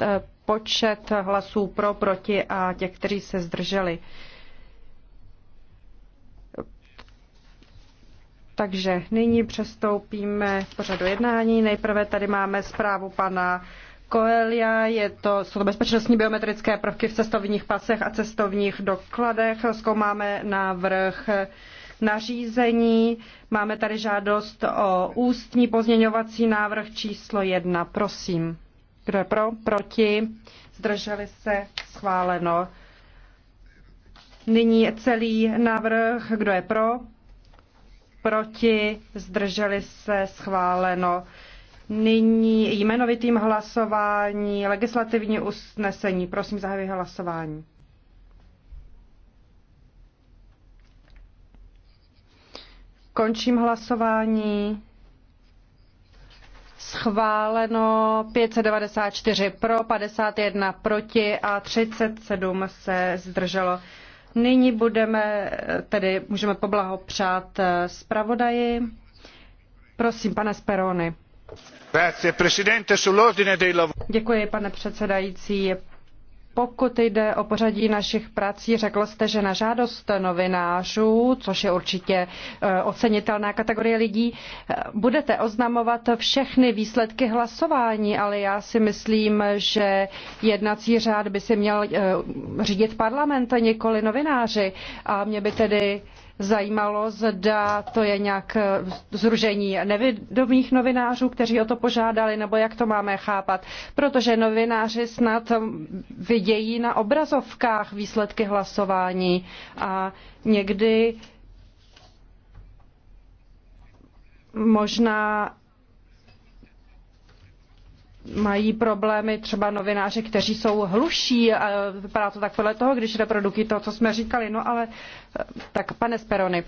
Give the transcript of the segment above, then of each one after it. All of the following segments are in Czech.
Eh, počet hlasů pro, proti a těch, kteří se zdrželi. Takže nyní přestoupíme k pořadu jednání. Nejprve tady máme zprávu pana Koelia, je to, jsou to bezpečnostní biometrické prvky v cestovních pasech a cestovních dokladech. Zkoumáme návrh nařízení. Máme tady žádost o ústní pozměňovací návrh číslo jedna. Prosím. Kdo je pro? Proti? Zdrželi se? Schváleno. Nyní celý návrh. Kdo je pro? Proti? Zdrželi se? Schváleno. Nyní jmenovitým hlasování legislativní usnesení. Prosím, zahajuji hlasování. Končím hlasování schváleno 594 pro, 51 proti a 37 se zdrželo. Nyní budeme, tedy můžeme poblahopřát eh, zpravodaji. Prosím, pane Speroni. Děkuji, pane předsedající pokud jde o pořadí našich prací, řekl jste, že na žádost novinářů, což je určitě e, ocenitelná kategorie lidí, e, budete oznamovat všechny výsledky hlasování, ale já si myslím, že jednací řád by si měl e, řídit parlament, nikoli novináři. A mě by tedy zajímalo, zda to je nějak eh, zružení nevědomých novinářů, kteří o to požádali, nebo jak to máme chápat. Protože novináři snad vidějí na obrazovkách výsledky hlasování a někdy možná mají problémy třeba novináři, kteří jsou hluší, a vypadá to tak podle toho, když reprodukují to, co jsme říkali, no ale eh, tak pane Sperony,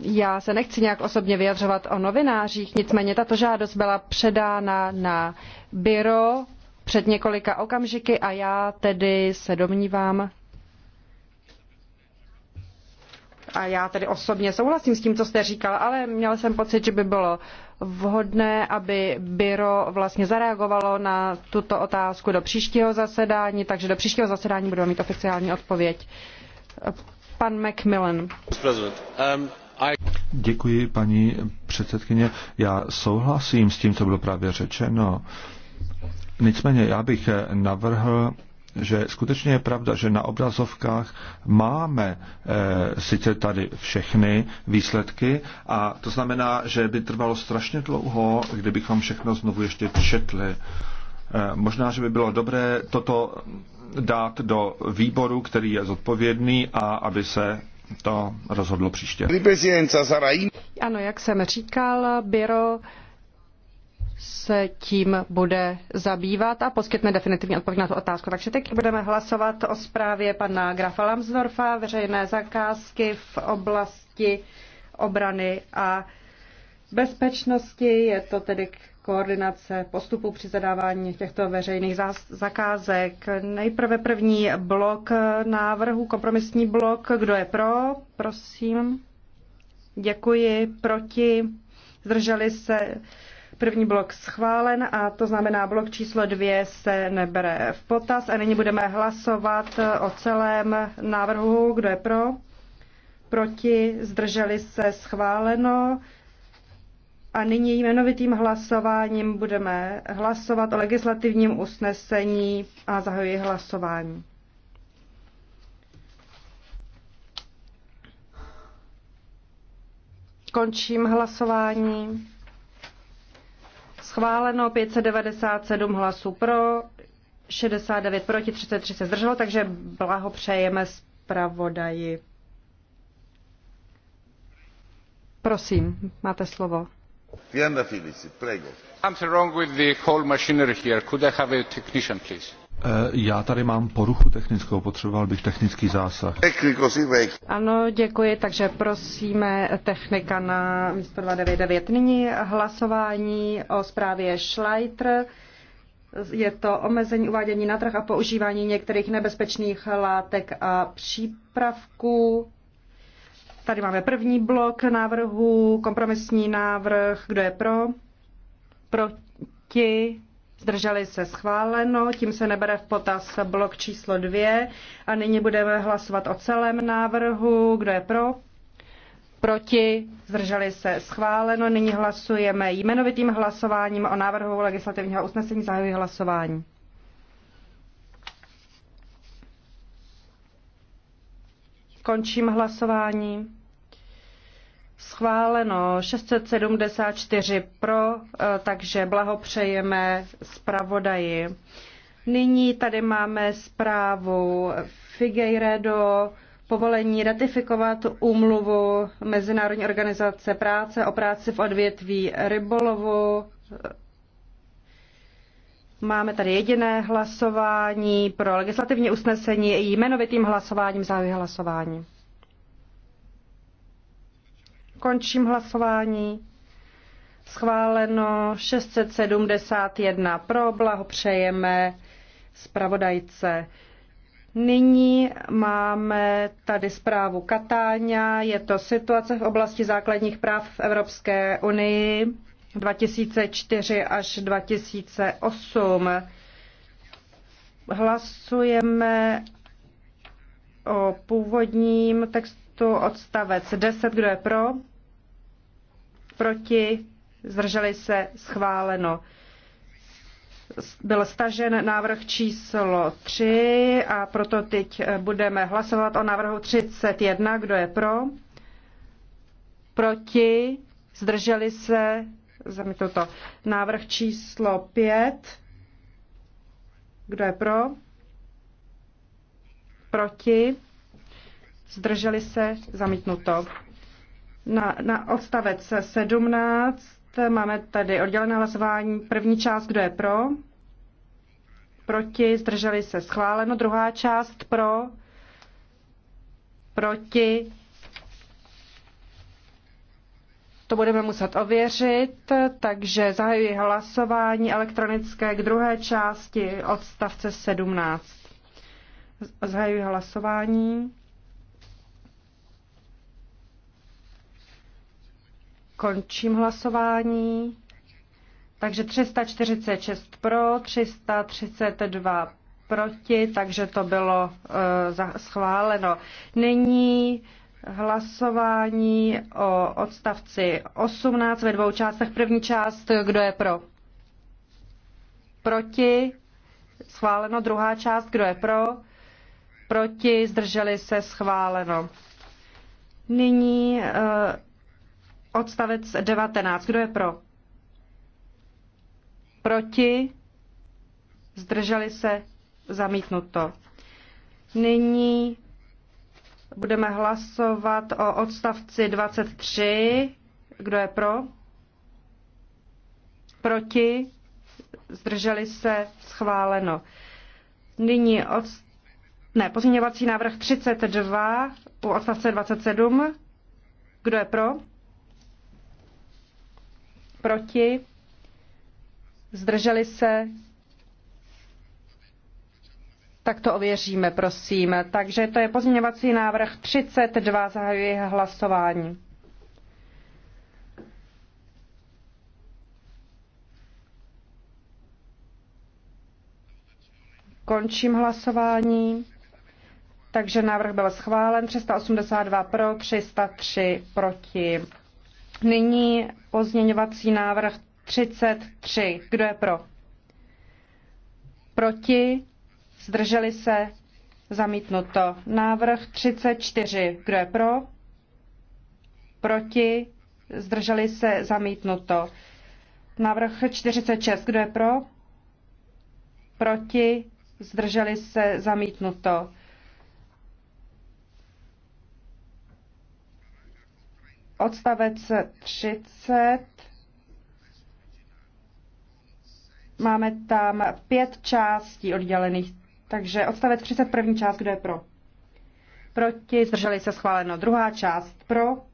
já se nechci nějak osobně vyjadřovat o novinářích, nicméně tato žádost byla předána na byro před několika okamžiky a já tedy se domnívám, a já tedy osobně souhlasím s tím, co jste říkal, ale měl jsem pocit, že by bylo vhodné, aby Byro vlastně zareagovalo na tuto otázku do příštího zasedání, takže do příštího zasedání budeme mít oficiální odpověď. Pan Macmillan. Um, Děkuji, paní předsedkyně. Já souhlasím s tím, co bylo právě řečeno. Nicméně já bych navrhl že skutečně je pravda, že na obrazovkách máme e, sice tady všechny výsledky a to znamená, že by trvalo strašně dlouho, kdybychom všechno znovu ještě četli. E, možná, že by bylo dobré toto dát do výboru, který je zodpovědný a aby se to rozhodlo příště. Ano, jak jsem říkal, Biro se tím bude zabývat a poskytne definitivní odpověď na tu otázku. Takže teď budeme hlasovat o zprávě pana Grafa Lamsdorfa, veřejné zakázky v oblasti obrany a bezpečnosti. Je to tedy koordinace postupu při zadávání těchto veřejných zakázek. Nejprve první blok návrhu, kompromisní blok. Kdo je pro? Prosím. Děkuji. Proti? Zdrželi se? První blok schválen a to znamená blok číslo dvě se nebere v potaz a nyní budeme hlasovat o celém návrhu. Kdo je pro? Proti? Zdrželi se? Schváleno. A nyní jmenovitým hlasováním budeme hlasovat o legislativním usnesení a zahajuji hlasování. Končím hlasování. Schváleno 597 hlasů pro, 69 proti, 33 se zdrželo, takže blahopřejeme zpravodaji. Prosím, máte slovo. Felici, prego. Something wrong with the whole machinery here. Could I have a technician, please? Eh, já tady mám poruchu technickou, potřeboval bych technický zásah. Ano, děkuji, takže prosíme technika na místo 299. Nyní hlasování o zprávě Schleiter. Je to omezení uvádění na trh a používání některých nebezpečných látek a přípravků. Tady máme první blok návrhu, kompromisní návrh. Kdo je pro? Proti? Zdrželi se schváleno, tím se nebere v potaz blok číslo dvě a nyní budeme hlasovat o celém návrhu. Kdo je pro? Proti? Zdrželi se schváleno. Nyní hlasujeme jmenovitým hlasováním o návrhu legislativního usnesení. Zahajuji hlasování. Končím hlasování. Schváleno 674 pro, e, takže blahopřejeme zpravodaji. Nyní tady máme zprávu Figueiredo povolení ratifikovat úmluvu Mezinárodní organizace práce o práci v odvětví rybolovu. Máme tady jediné hlasování pro legislativní usnesení jmenovitým hlasováním závěr hlasování. Končím hlasování. Schváleno 671 pro, blahopřejeme zpravodajce. Nyní máme tady zprávu Katáňa, je to situace v oblasti základních práv v Evropské unii 2004 až 2008. Hlasujeme o původním textu odstavec 10, kdo je pro, proti, zdrželi se, schváleno. Byl stažen návrh číslo 3 a proto teď budeme hlasovat o návrhu 31. Kdo je pro? Proti, zdrželi se, zamítnuto. Návrh číslo 5. Kdo je pro? Proti, zdrželi se, zamítnuto. Na, na odstavec 17 máme tady oddělené hlasování. První část, kdo je pro? Proti, zdrželi se schváleno. Druhá část pro? Proti. To budeme muset ověřit, takže zahajuji hlasování elektronické k druhé části odstavce 17. Zahajuji hlasování. Končím hlasování. Takže 346 pro, 332 proti, takže to bylo uh, schváleno. Nyní hlasování o odstavci 18 ve dvou částech. První část, kdo je pro? Proti? Schváleno. Druhá část, kdo je pro? Proti? Zdrželi se? Schváleno. Nyní uh, odstavec 19. Kdo je pro? Proti? Zdrželi se? Zamítnuto. Nyní budeme hlasovat o odstavci 23. Kdo je pro? Proti? Zdrželi se? Schváleno. Nyní od... ne, pozměňovací návrh 32 u odstavce 27. Kdo je pro? proti, zdrželi se, tak to ověříme, prosím. Takže to je pozměňovací návrh 32, zahajuji hlasování. Končím hlasování. Takže návrh byl schválen. 382 pro, 303 proti. Nyní pozměňovací návrh 33. Kdo je pro? Proti? Zdrželi se? Zamítnuto. Návrh 34. Kdo je pro? Proti? Zdrželi se? Zamítnuto. Návrh 46. Kdo je pro? Proti? Zdrželi se? Zamítnuto. Odstavec 30. Máme tam pět částí oddělených. Takže odstavec 30, první část, kdo je pro? Proti, zdrželi se schváleno. Druhá část pro,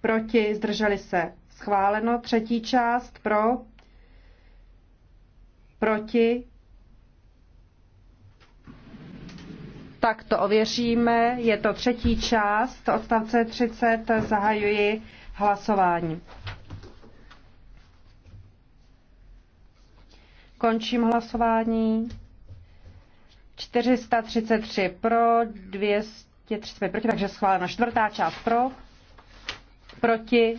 proti, zdrželi se schváleno. Třetí část pro, proti, tak to ověříme. Je to třetí část odstavce 30. Zahajuji hlasování. Končím hlasování. 433 pro, 235 proti, takže schváleno. Čtvrtá část pro, proti,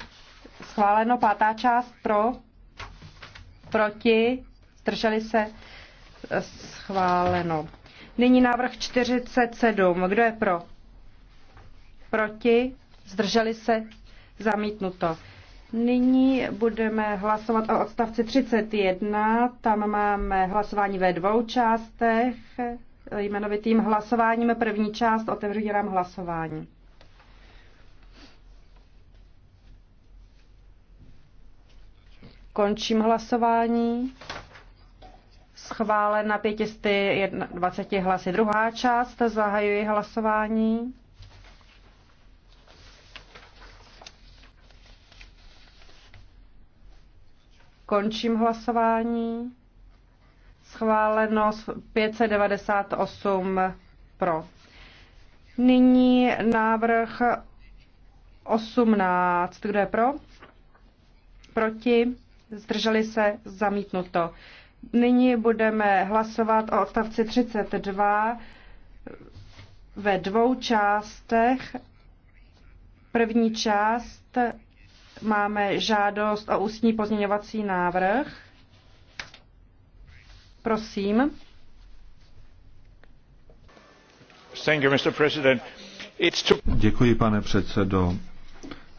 schváleno. Pátá část pro, proti, zdrželi se, schváleno. Nyní návrh 47. Kdo je pro? Proti? Zdrželi se? Zamítnuto. Nyní budeme hlasovat o odstavci 31. Tam máme hlasování ve dvou částech. Jmenovitým hlasováním první část Otevřu nám hlasování. Končím hlasování schválena 520 hlasy. Druhá část, zahajuji hlasování. Končím hlasování. Schváleno 598 pro. Nyní návrh 18. Kdo je pro? Proti? Zdrželi se? Zamítnuto. Nyní budeme hlasovat o odstavci 32 ve dvou částech. První část máme žádost o ústní pozměňovací návrh. Prosím. Děkuji, pane předsedo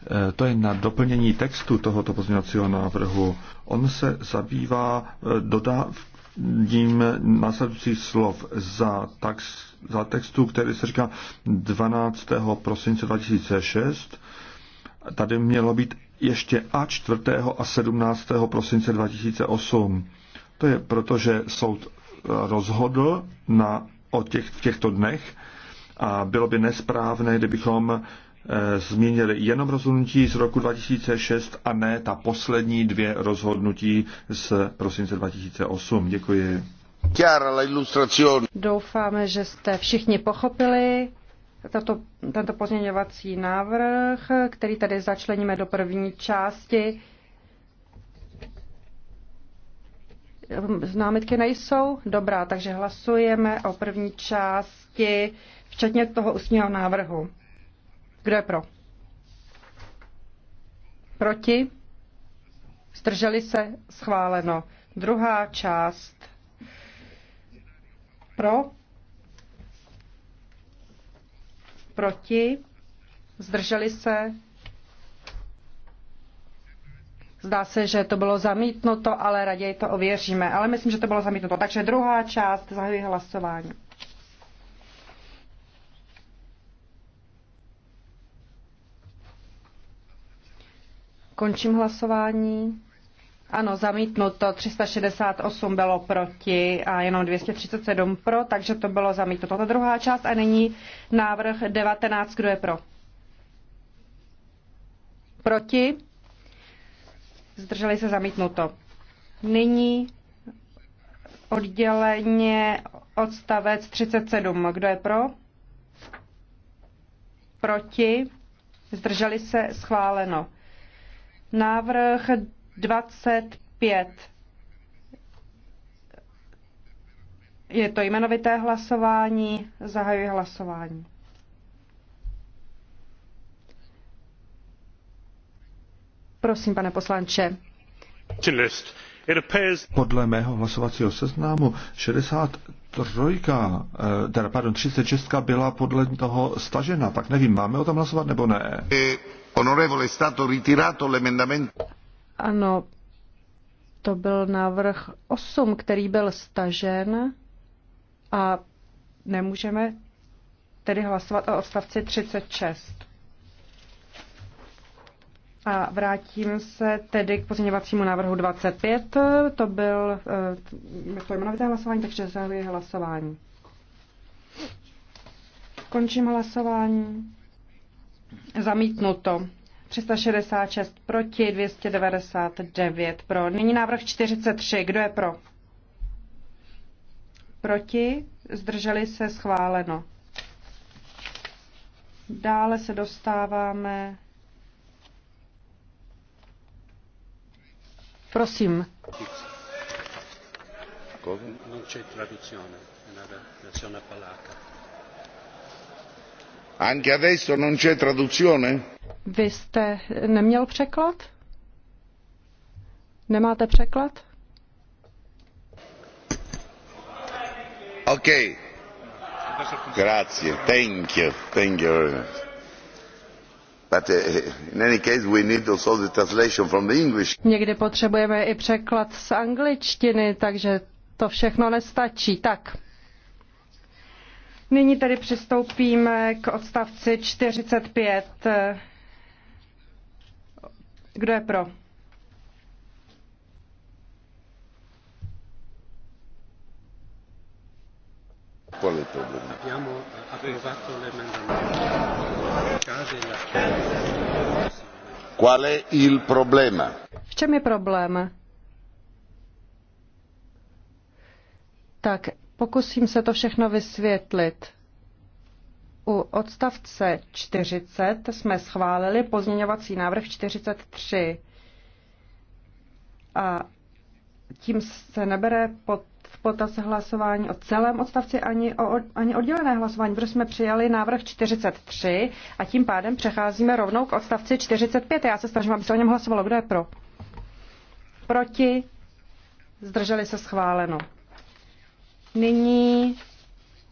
Eh, to je na doplnění textu tohoto pozměňovacího návrhu. On se zabývá eh, dodáním následující slov za, tax, za textu, který se říká 12. prosince 2006. Tady mělo být ještě a 4. a 17. prosince 2008. To je proto, že soud eh, rozhodl na, o těch, těchto dnech a bylo by nesprávné, kdybychom Eh, změnili jenom rozhodnutí z roku 2006 a ne ta poslední dvě rozhodnutí z prosince 2008. Děkuji. Doufáme, že jste všichni pochopili tato, tento pozměňovací návrh, který tady začleníme do první části. Známitky nejsou? Dobrá, takže hlasujeme o první části, včetně toho ústního návrhu. Kdo je pro? Proti? Zdrželi se? Schváleno. Druhá část. Pro? Proti? Zdrželi se? Zdá se, že to bylo zamítnuto, ale raději to ověříme. Ale myslím, že to bylo zamítnuto. Takže druhá část, zahajuji hlasování. Končím hlasování. Ano, zamítnuto. 368 bylo proti a jenom 237 pro, takže to bylo zamítnuto. Ta druhá část a nyní návrh 19. Kdo je pro? Proti? Zdrželi se zamítnuto. Nyní odděleně odstavec 37. Kdo je pro? Proti? Zdrželi se schváleno. Návrh 25. Je to jmenovité hlasování. Zahajuji hlasování. Prosím, pane poslanče. Podle mého hlasovacího seznámu 60 trojka, eh, teda pardon, 36 byla podle toho stažena, tak nevím, máme o tom hlasovat nebo ne? Honorevole, eh, stato ritirato l'emendamento. Ano, to byl návrh 8, který byl stažen a nemůžeme tedy hlasovat o odstavci 36. A vrátím se tedy k pozměňovacímu návrhu 25. To byl eh, to jmenovité hlasování, takže zahajuji hlasování. Končím hlasování. Zamítnuto. 366 proti, 299 pro. Nyní návrh 43. Kdo je pro? Proti, zdrželi se schváleno. Dále se dostáváme Prosím. Anche adesso non c'è traduzione? Vy jste neměl překlad? Nemáte překlad? OK. Grazie. Thank you. Thank you very much. Někdy potřebujeme i překlad z angličtiny, takže to všechno nestačí. Tak. Nyní tedy přistoupíme k odstavci 45. Kdo je pro? Qual problema? Abbiamo approvato l'emendamento. Qual è il problema? V čem je problém? Tak, pokusím se to všechno vysvětlit. U odstavce 40 jsme schválili pozměňovací návrh 43. A tím se nebere pod v potaz hlasování o celém odstavci ani, o, ani oddělené hlasování, protože jsme přijali návrh 43 a tím pádem přecházíme rovnou k odstavci 45. Já se snažím, aby se o něm hlasovalo. Kdo je pro? Proti? Zdrželi se schváleno. Nyní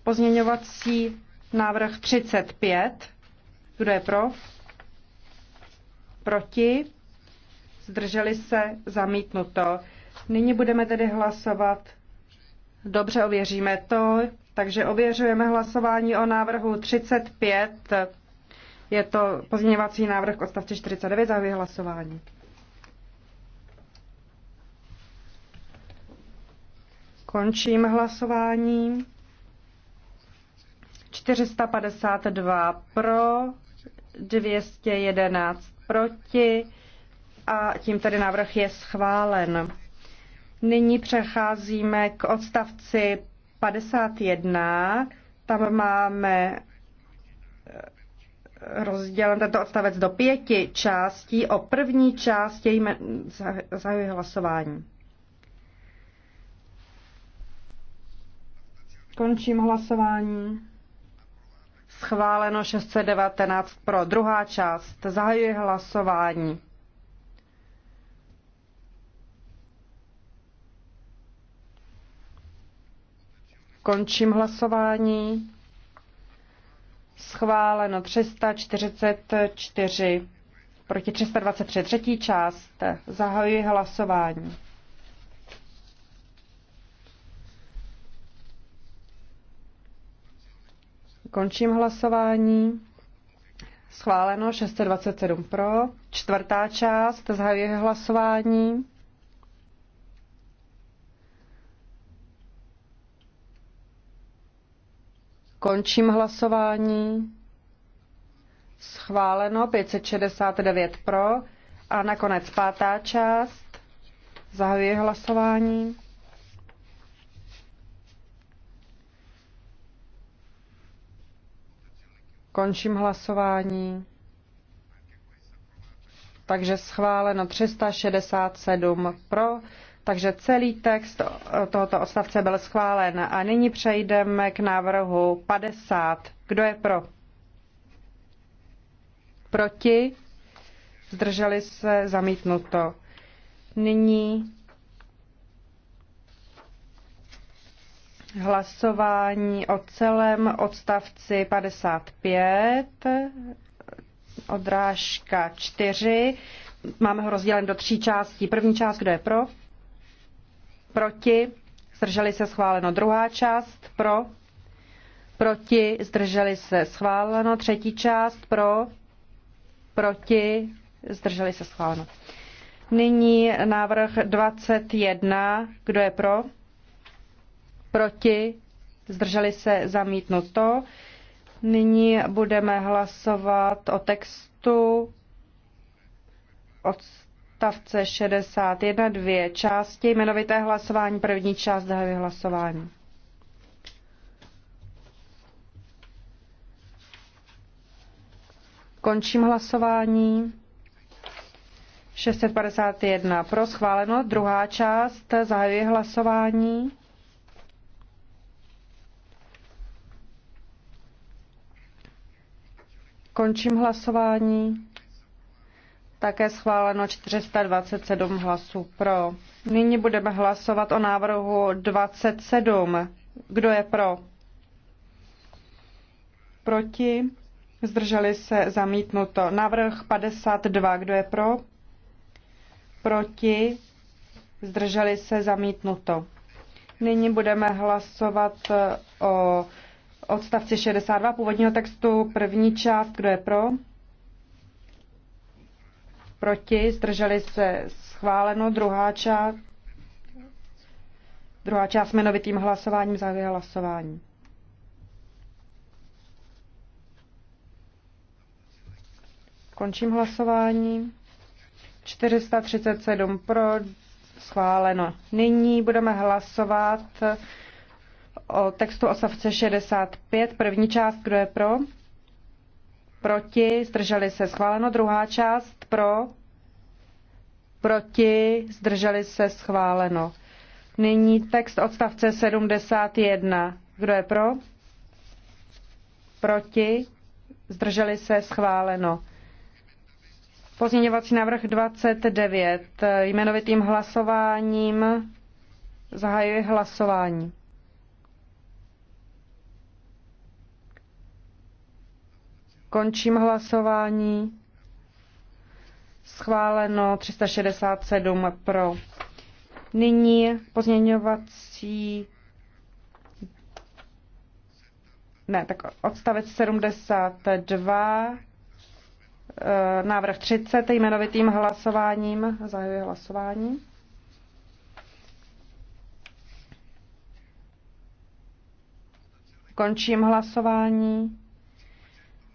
pozměňovací návrh 35. Kdo je pro? Proti? Zdrželi se zamítnuto. Nyní budeme tedy hlasovat Dobře, ověříme to. Takže ověřujeme hlasování o návrhu 35. Je to pozměňovací návrh k odstavci 49 za hlasování. Končím hlasování. 452 pro, 211 proti a tím tedy návrh je schválen. Nyní přecházíme k odstavci 51. Tam máme eh, rozdělen tento odstavec do pěti částí. O první části jmen... zahajuji hlasování. Končím hlasování. Schváleno 619 pro. Druhá část. Zahajuji hlasování. Končím hlasování. Schváleno 344 proti 323. Třetí část. Zahajuji hlasování. Končím hlasování. Schváleno 627 pro. Čtvrtá část. Zahajuji hlasování. Končím hlasování. Schváleno 569 pro. A nakonec pátá část. Zahajuji hlasování. Končím hlasování. Takže schváleno 367 pro, takže celý text eh, tohoto odstavce byl schválen. A nyní přejdeme k návrhu 50. Kdo je pro? Proti? Zdrželi se? Zamítnuto. Nyní hlasování o celém odstavci 55, odrážka 4. Máme ho rozdělen do tří částí. První část, kdo je pro? proti, zdrželi se schváleno druhá část, pro, proti, zdrželi se schváleno třetí část, pro, proti, zdrželi se schváleno. Nyní návrh 21, kdo je pro, proti, zdrželi se zamítnuto. Nyní budeme hlasovat o textu od odstavce 61 dvě části, jmenovité hlasování, první část zahajuje hlasování. Končím hlasování. 651 pro schváleno, druhá část zahajuje hlasování. Končím hlasování také schváleno 427 hlasů pro. Nyní budeme hlasovat o návrhu 27. Kdo je pro? Proti? Zdrželi se zamítnuto. Návrh 52. Kdo je pro? Proti? Zdrželi se zamítnuto. Nyní budeme hlasovat o odstavci 62 původního textu. První část. Kdo je pro? proti, zdrželi se schváleno, druhá část, druhá část jmenovitým hlasováním zahajuje hlasování. Končím hlasování. 437 pro, schváleno. Nyní budeme hlasovat o textu osavce 65, první část, kdo je pro? proti, zdrželi se schváleno. Druhá část pro, proti, zdrželi se schváleno. Nyní text odstavce 71. Kdo je pro? Proti, zdrželi se schváleno. Pozměňovací návrh 29. Jmenovitým hlasováním zahajuje hlasování. Končím hlasování. Schváleno 367 pro. Nyní pozměňovací. Ne, tak odstavec 72, eh, návrh 30, jmenovitým hlasováním. Zahajuji hlasování. Končím hlasování.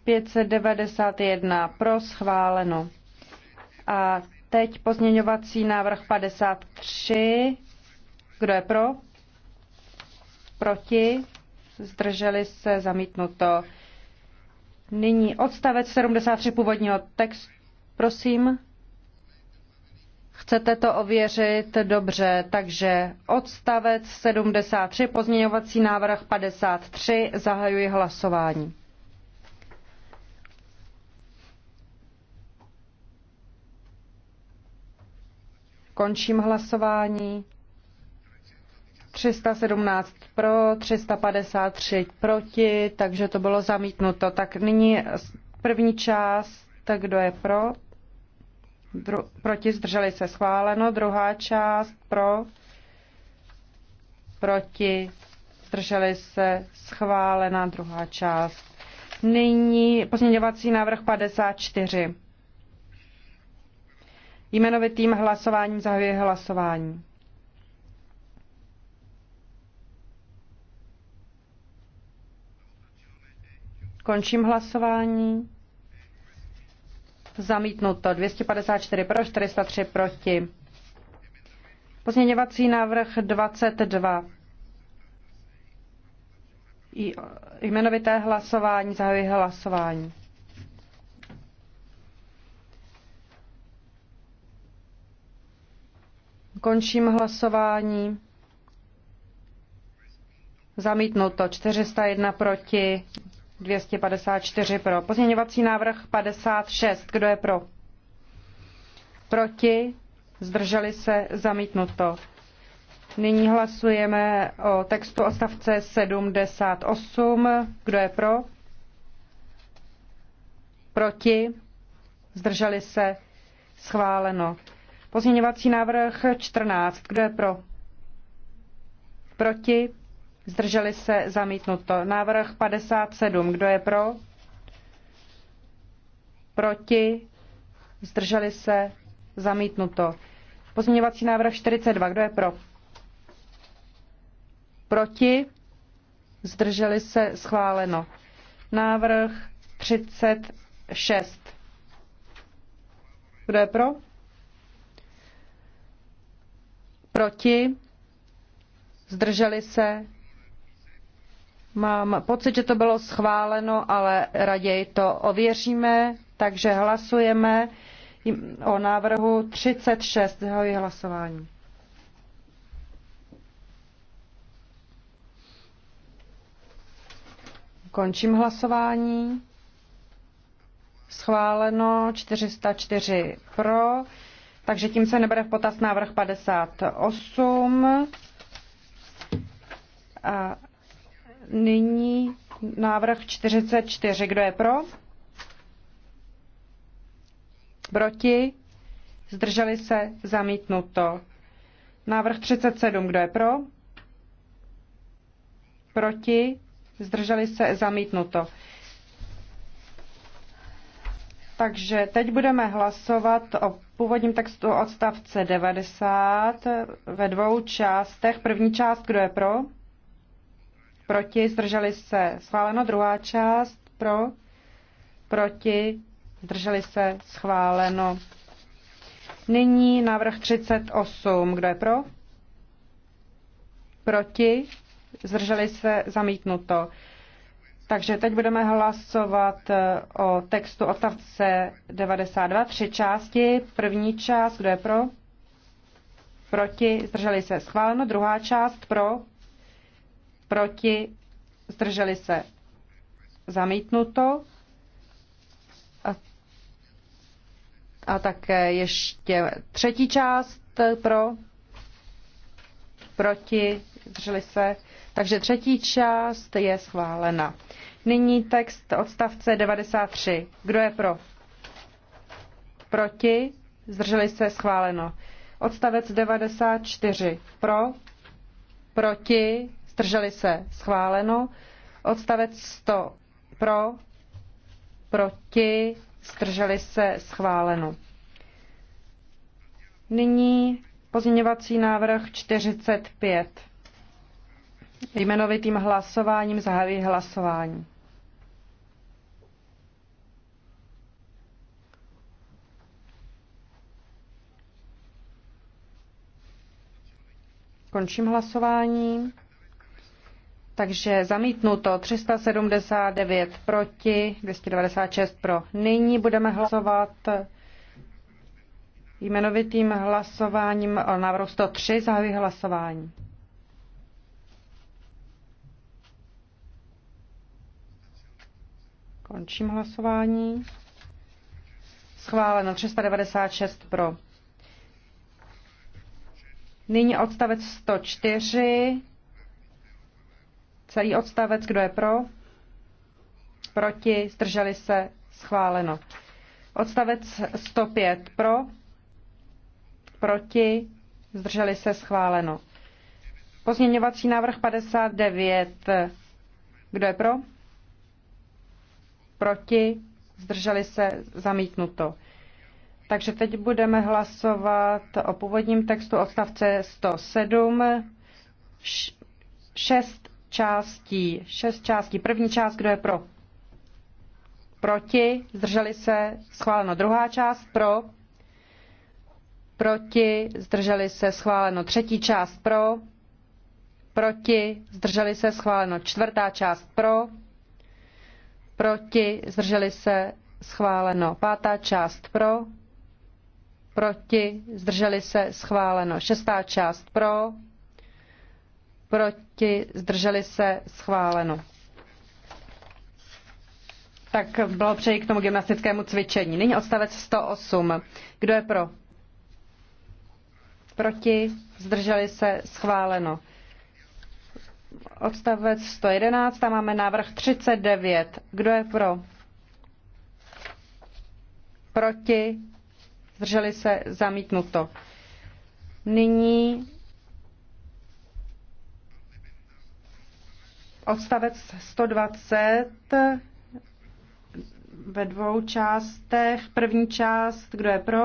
591 pro schváleno. A teď pozměňovací návrh 53. Kdo je pro? Proti? Zdrželi se zamítnuto. Nyní odstavec 73 původního textu. Prosím. Chcete to ověřit? Dobře, takže odstavec 73, pozměňovací návrh 53, zahajuji hlasování. Končím hlasování. 317 pro, 353 proti, takže to bylo zamítnuto. Tak nyní první část, tak kdo je pro? Dru- proti zdrželi se schváleno. Druhá část pro, proti zdrželi se schválena druhá část. Nyní pozměňovací návrh 54. Jmenovitým hlasováním zahajuje hlasování. Končím hlasování. Zamítnuto 254 pro, 403 proti. Pozměňovací návrh 22. Jmenovité hlasování, zahajuji hlasování. Končím hlasování. Zamítnuto 401 proti, 254 pro. Pozměňovací návrh 56. Kdo je pro? Proti? Zdrželi se? Zamítnuto. Nyní hlasujeme o textu odstavce 78. Kdo je pro? Proti? Zdrželi se? Schváleno. Pozměňovací návrh 14. Kdo je pro? Proti? Zdrželi se zamítnuto. Návrh 57. Kdo je pro? Proti? Zdrželi se zamítnuto. Pozměňovací návrh 42. Kdo je pro? Proti? Zdrželi se schváleno. Návrh 36. Kdo je pro? Proti? Zdrželi se? Mám pocit, že to bylo schváleno, ale raději to ověříme, takže hlasujeme o návrhu 36. Zahajuji hlasování. Končím hlasování. Schváleno 404 pro takže tím se nebere v potaz návrh 58. A nyní návrh 44. Kdo je pro? Proti? Zdrželi se? Zamítnuto. Návrh 37. Kdo je pro? Proti? Zdrželi se? Zamítnuto. Takže teď budeme hlasovat o původním textu odstavce 90 ve dvou částech. První část, kdo je pro? Proti, zdrželi se. Schváleno. Druhá část, pro? Proti, zdrželi se. Schváleno. Nyní návrh 38. Kdo je pro? Proti, zdrželi se. Zamítnuto. Takže teď budeme hlasovat eh, o textu odstavce 92, tři části. První část, kdo je pro? Proti, zdrželi se, schváleno. Druhá část, pro? Proti, zdrželi se, zamítnuto. A, a také ještě třetí část, pro? Proti, zdrželi se, takže třetí část je schválena. Nyní text odstavce 93. Kdo je pro? Proti? Zdrželi se schváleno. Odstavec 94. Pro? Proti? Zdrželi se schváleno. Odstavec 100. Pro? Proti? Zdrželi se schváleno. Nyní pozměňovací návrh 45. Jmenovitým hlasováním zahajuji hlasování. Končím hlasování. Takže zamítnuto 379 proti, 296 pro. Nyní budeme hlasovat jmenovitým hlasováním o návrhu 103. Zahajuji hlasování. Končím hlasování. Schváleno 396 pro. Nyní odstavec 104. Celý odstavec, kdo je pro? Proti, zdrželi se, schváleno. Odstavec 105 pro, proti, zdrželi se, schváleno. Pozměňovací návrh 59. Kdo je pro? proti, zdrželi se, zamítnuto. Takže teď budeme hlasovat o původním textu odstavce 107, šest částí, šest částí. První část, kdo je pro? Proti, zdrželi se, schváleno. Druhá část, pro, proti, zdrželi se, schváleno. Třetí část, pro, proti, zdrželi se, schváleno. Čtvrtá část, pro, proti, zdrželi se, schváleno. Pátá část pro, proti, zdrželi se, schváleno. Šestá část pro, proti, zdrželi se, schváleno. Tak bylo přeji k tomu gymnastickému cvičení. Nyní odstavec 108. Kdo je pro? Proti, zdrželi se, schváleno odstavec 111, tam máme návrh 39. Kdo je pro? Proti? Zdrželi se? Zamítnuto. Nyní odstavec 120 ve dvou částech. První část, kdo je pro?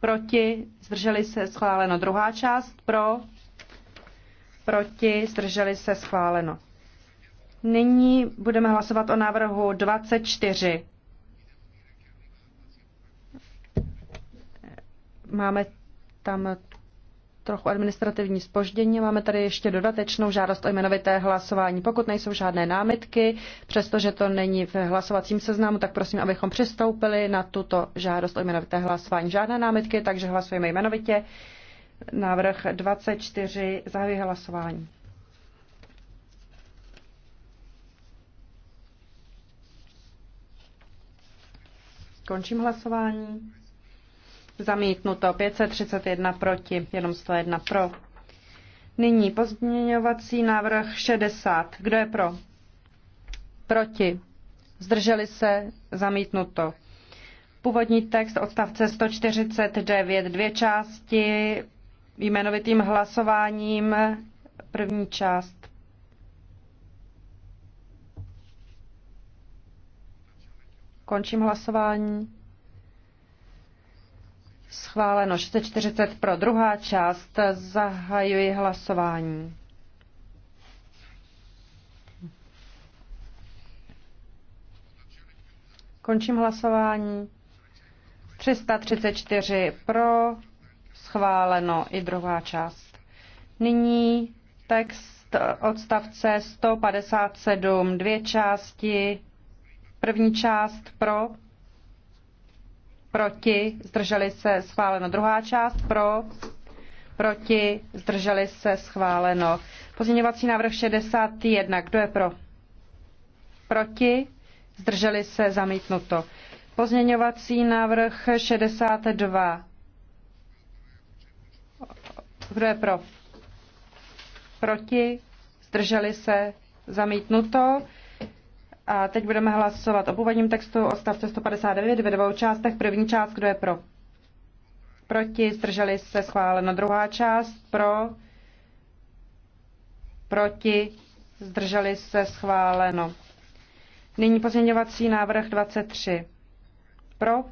Proti? Zdrželi se? Schváleno. Druhá část pro? proti, zdrželi se schváleno. Nyní budeme hlasovat o návrhu 24. Máme tam trochu administrativní spoždění. Máme tady ještě dodatečnou žádost o jmenovité hlasování. Pokud nejsou žádné námitky, přestože to není v hlasovacím seznamu, tak prosím, abychom přistoupili na tuto žádost o jmenovité hlasování. Žádné námitky, takže hlasujeme jmenovitě. Návrh 24. Zahajuji hlasování. Končím hlasování. Zamítnuto 531 proti, jenom 101 pro. Nyní pozměňovací návrh 60. Kdo je pro? Proti. Zdrželi se? Zamítnuto. Původní text odstavce 149, dvě části jmenovitým hlasováním první část. Končím hlasování. Schváleno 640 pro druhá část. Zahajuji hlasování. Končím hlasování. 334 pro, schváleno i druhá část. Nyní text odstavce 157, dvě části. První část pro, proti, zdrželi se, schváleno. Druhá část pro, proti, zdrželi se, schváleno. Pozměňovací návrh 61, kdo je pro? Proti, zdrželi se, zamítnuto. Pozměňovací návrh 62, kdo je pro? Proti? Zdrželi se? Zamítnuto. A teď budeme hlasovat o původním textu stavce 159 ve dvou částech. První část, kdo je pro? Proti, zdrželi se, schváleno. Druhá část, pro, proti, zdrželi se, schváleno. Nyní pozměňovací návrh 23. Pro,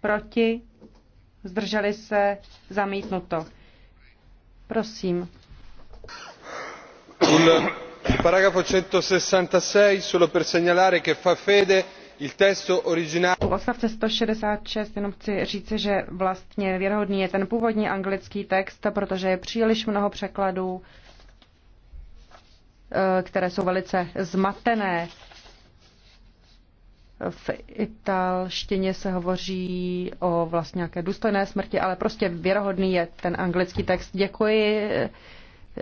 proti, zdrželi se, zamítnuto. Prosím. Il paragrafo 166 solo per segnalare che fa fede il testo originale. U odstavce 166 jenom chci říci, že vlastně věrohodný je ten původní anglický text, protože je příliš mnoho překladů, eh, které jsou velice zmatené v italštině se hovoří o vlastně nějaké důstojné smrti, ale prostě věrohodný je ten anglický text. Děkuji,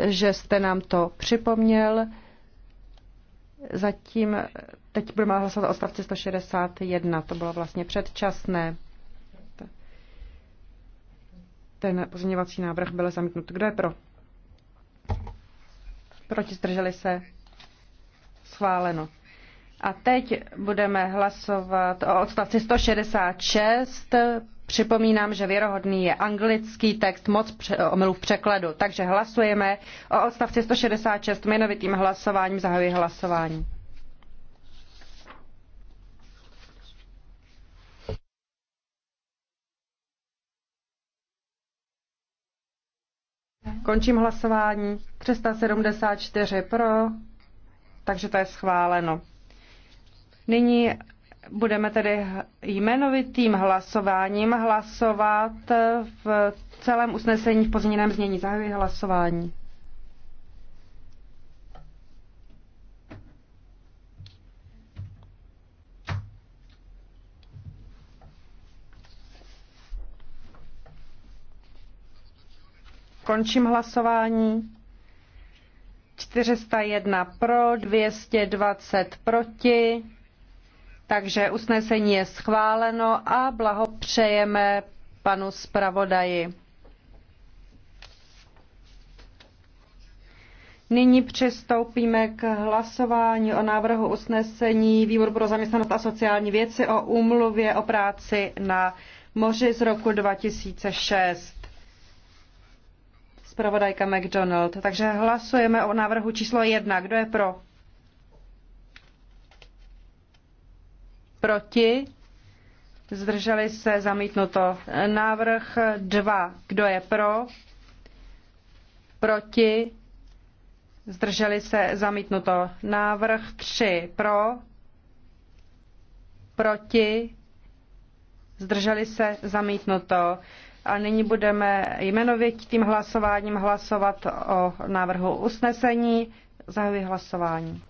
že jste nám to připomněl. Zatím teď budeme hlasovat o stavci 161, to bylo vlastně předčasné. Ten pozměňovací návrh byl zamítnut. Kdo je pro? Proti zdrželi se? Schváleno. A teď budeme hlasovat o odstavci 166. Připomínám, že věrohodný je anglický text, moc omylů v překladu. Takže hlasujeme o odstavci 166 jmenovitým hlasováním. Zahajuji hlasování. Končím hlasování. 374 pro, takže to je schváleno. Nyní budeme tedy jmenovitým hlasováním hlasovat v celém usnesení v pozměněném znění. Zahajuji hlasování. Končím hlasování. 401 pro, 220 proti. Takže usnesení je schváleno a blahopřejeme panu zpravodaji. Nyní přistoupíme k hlasování o návrhu usnesení Výboru pro zaměstnanost a sociální věci o úmluvě o práci na moři z roku 2006. Spravodajka McDonald. Takže hlasujeme o návrhu číslo jedna. Kdo je pro? proti, zdrželi se, zamítnuto. Návrh 2, kdo je pro, proti, zdrželi se, zamítnuto. Návrh 3, pro, proti, zdrželi se, zamítnuto. A nyní budeme jmenovitým hlasováním hlasovat o návrhu usnesení. Zahajuji hlasování.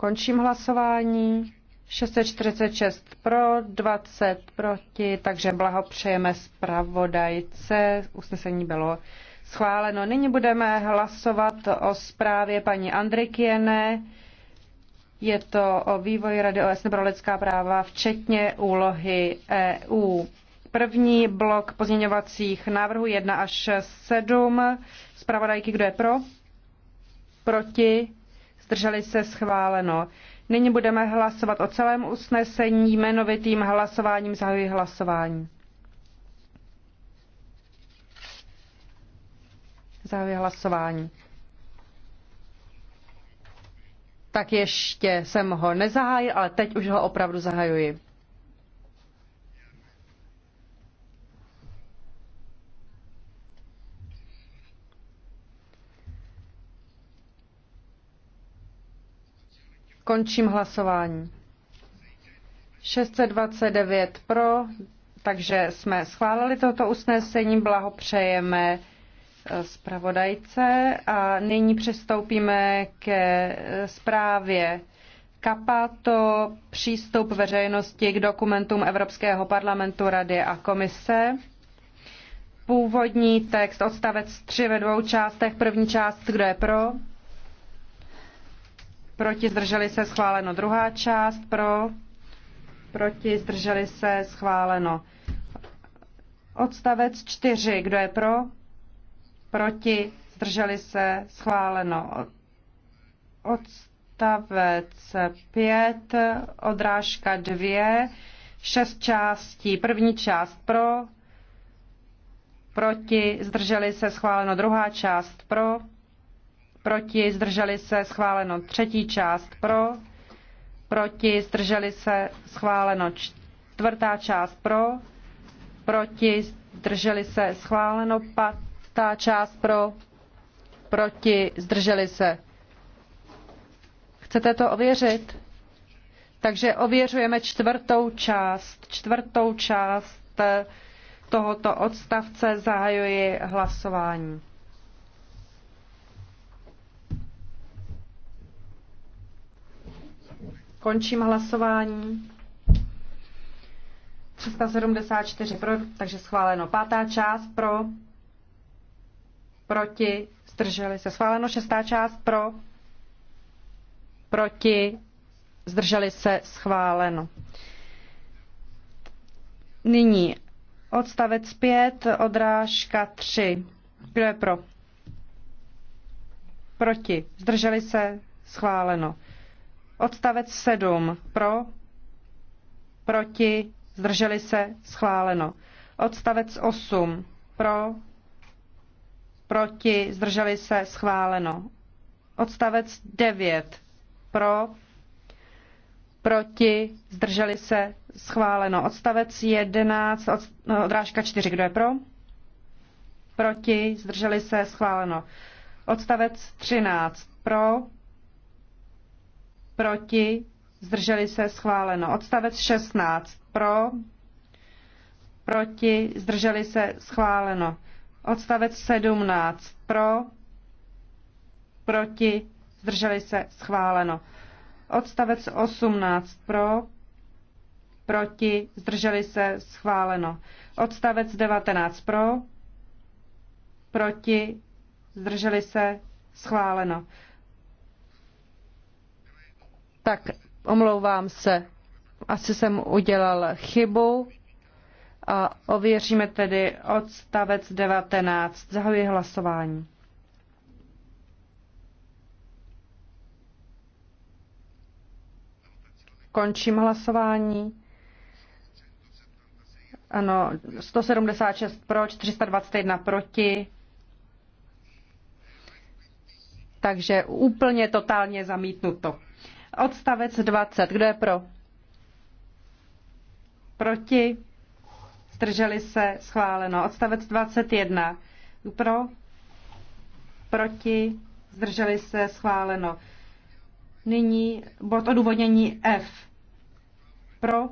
Končím hlasování. 646 pro, 20 proti, takže blahopřejeme zpravodajce. Usnesení bylo schváleno. Nyní budeme hlasovat o zprávě paní Andrikiene. Je to o vývoji Rady OSN pro lidská práva, včetně úlohy EU. První blok pozměňovacích návrhů 1 až 7. Zpravodajky, kdo je pro? Proti? zdrželi se schváleno. Nyní budeme hlasovat o celém usnesení jmenovitým hlasováním. Zahajuji hlasování. Zahajuji hlasování. Tak ještě jsem ho nezahájil, ale teď už ho opravdu zahajuji. Končím hlasování. 629 pro, takže jsme schválili toto usnesení, blahopřejeme eh, zpravodajce a nyní přistoupíme ke eh, zprávě Kapato přístup veřejnosti k dokumentům Evropského parlamentu, Rady a Komise. Původní text, odstavec 3 ve dvou částech. První část, kdo je pro? proti, zdrželi se, schváleno. Druhá část pro, proti, zdrželi se, schváleno. Odstavec 4, kdo je pro, proti, zdrželi se, schváleno. Odstavec 5, odrážka 2, šest částí. První část pro, proti, zdrželi se, schváleno. Druhá část pro, proti, zdrželi se, schváleno. Třetí část pro, proti, zdrželi se, schváleno. Čtvrtá část pro, proti, zdrželi se, schváleno. Pátá část pro, proti, zdrželi se. Chcete to ověřit? Takže ověřujeme čtvrtou část. Čtvrtou část tohoto odstavce zahajuji hlasování. Končím hlasování. 374 pro, takže schváleno. Pátá část pro, proti, zdrželi se. Schváleno šestá část pro, proti, zdrželi se, schváleno. Nyní odstavec 5, odrážka 3. Kdo je pro? Proti, zdrželi se, schváleno. Odstavec 7 pro, proti, zdrželi se, schváleno. Odstavec 8 pro, proti, zdrželi se, schváleno. Odstavec 9 pro, proti, zdrželi se, schváleno. Odstavec 11, od, no, odrážka 4, kdo je pro? Proti, zdrželi se, schváleno. Odstavec 13 pro, proti, zdrželi se schváleno. Odstavec 16 pro, proti, zdrželi se schváleno. Odstavec 17 pro, proti, zdrželi se schváleno. Odstavec 18 pro, proti, zdrželi se schváleno. Odstavec 19 pro, proti, zdrželi se schváleno. Tak omlouvám se, asi jsem udělal chybu a ověříme tedy odstavec 19. Zahajuji hlasování. Končím hlasování. Ano, 176 pro, 421 proti. Takže úplně totálně zamítnuto. Odstavec 20. Kdo je pro? Proti? Zdrželi se? Schváleno. Odstavec 21. Pro? Proti? Zdrželi se? Schváleno. Nyní bod odůvodnění F. Pro?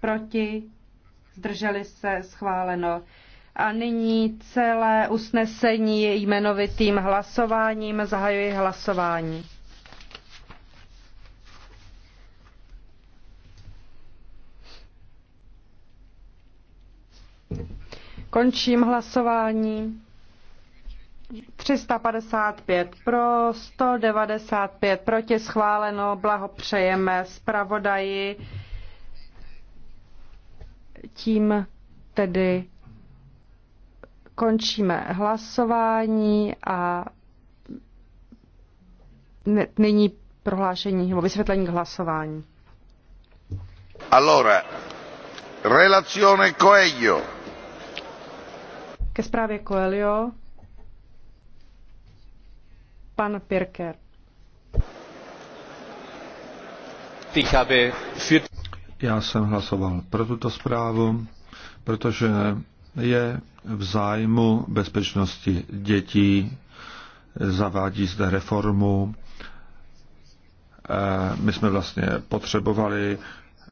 Proti? Zdrželi se? Schváleno. A nyní celé usnesení jmenovitým hlasováním. Zahajuji hlasování. Končím hlasování. 355 pro, 195 proti schváleno, blahopřejeme zpravodaji. Tím tedy končíme hlasování a nyní prohlášení nebo vysvětlení k hlasování. Allora, relazione Coelho. Ke zprávě Coelho pan Pirker. Já jsem hlasoval pro tuto zprávu, protože je v zájmu bezpečnosti dětí, zavádí zde reformu. Eh, my jsme vlastně potřebovali